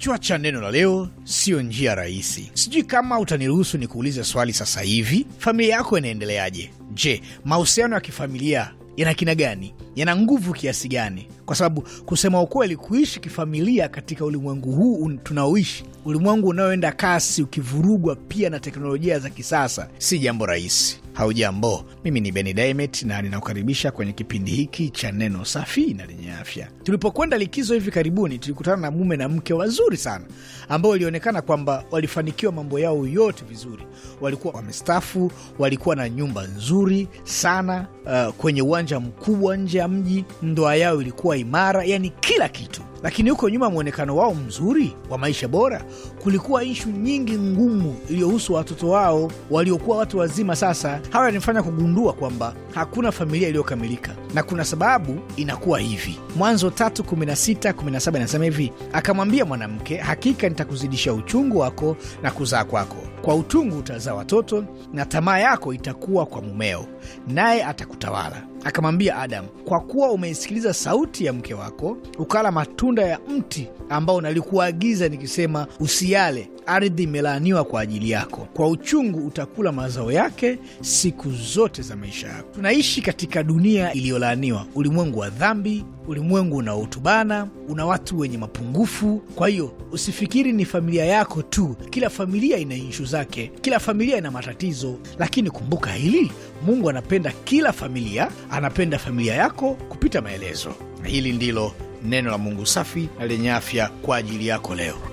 Kichwa cha neno la leo, siyo njia rahisi. Sijui kama utaniruhusu ni kuulize swali sasa hivi, familia yako inaendeleaje? Je, mahusiano ya kifamilia yana kina gani? yana nguvu kiasi gani, kwa sababu kusema ukweli, kuishi kifamilia katika ulimwengu huu tunaoishi, ulimwengu unaoenda kasi, ukivurugwa pia na teknolojia za kisasa, si jambo rahisi. Haujambo, mimi ni Beni Dimet na ninakukaribisha kwenye kipindi hiki cha neno safi na lenye afya. Tulipokwenda likizo hivi karibuni, tulikutana na mume na mke wazuri sana ambao ilionekana kwamba walifanikiwa mambo yao yote vizuri. Walikuwa wamestafu, walikuwa na nyumba nzuri sana uh, kwenye uwanja mkubwa nje ya mji, ndoa yao ilikuwa imara, yani kila kitu. Lakini huko nyuma, mwonekano wao mzuri wa maisha bora, kulikuwa ishu nyingi ngumu iliyohusu watoto wao waliokuwa watu wazima. Sasa hawa yanifanya kugundua kwamba hakuna familia iliyokamilika na kuna sababu inakuwa hivi. Mwanzo tatu kumi na sita kumi na saba inasema hivi, akamwambia mwanamke, hakika nitakuzidisha uchungu wako na kuzaa kwako, kwa utungu utazaa watoto, na tamaa yako itakuwa kwa mumeo, naye atakutawala. Akamwambia Adamu, kwa kuwa umeisikiliza sauti ya mke wako, ukala matunda ya mti ambao nalikuagiza nikisema, usiale, ardhi imelaaniwa kwa ajili yako, kwa uchungu utakula mazao yake siku zote za maisha yako. Tunaishi katika dunia iliyolaaniwa, ulimwengu wa dhambi, ulimwengu unaotubana, una watu wenye mapungufu. Kwa hiyo usifikiri ni familia yako tu, kila familia ina inshu zake, kila familia ina matatizo. Lakini kumbuka hili, Mungu anapenda kila familia, anapenda familia yako kupita maelezo. Hili ndilo neno la Mungu safi na lenye afya kwa ajili yako leo.